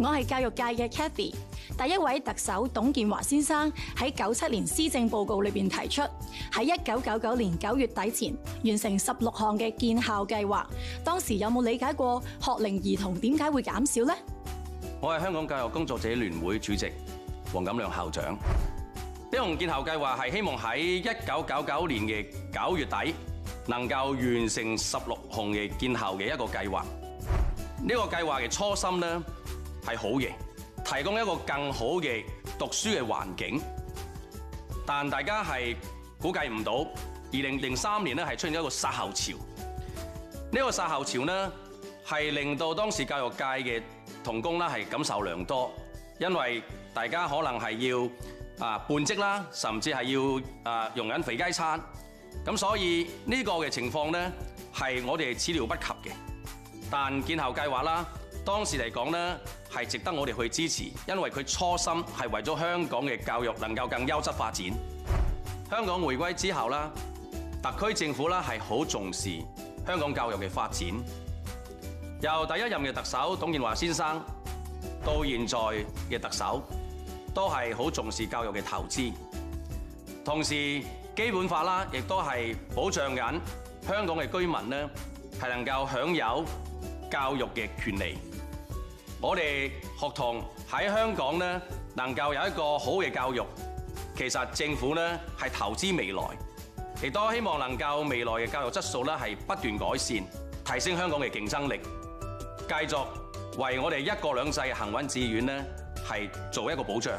我係教育界嘅 Kathy，第一位特首董建華先生喺九七年施政報告裏邊提出，喺一九九九年九月底前完成十六項嘅建校計劃。當時有冇理解過學齡兒童點解會減少呢？我係香港教育工作者聯會主席黃錦良校長。呢項建校計劃係希望喺一九九九年嘅九月底能夠完成十六項嘅建校嘅一個計劃。呢個計劃嘅初心呢。係好嘅，提供一個更好嘅讀書嘅環境。但大家係估計唔到，二零零三年咧係出現一個殺校潮。呢、這個殺校潮呢，係令到當時教育界嘅同工啦係感受良多，因為大家可能係要啊半職啦，甚至係要啊用緊肥雞餐。咁所以呢個嘅情況呢，係我哋始料不及嘅。但建校計劃啦。當時嚟講咧，係值得我哋去支持，因為佢初心係為咗香港嘅教育能夠更優質發展。香港回歸之後啦，特區政府啦係好重視香港教育嘅發展。由第一任嘅特首董建華先生到現在嘅特首，都係好重視教育嘅投資。同時，基本法啦，亦都係保障緊香港嘅居民咧，係能夠享有教育嘅權利。我哋學童喺香港能夠有一個好嘅教育，其實政府呢係投資未來，亦都希望能夠未來嘅教育質素呢係不斷改善，提升香港嘅競爭力，繼續為我哋一國兩制嘅行穩致遠呢，係做一個保障。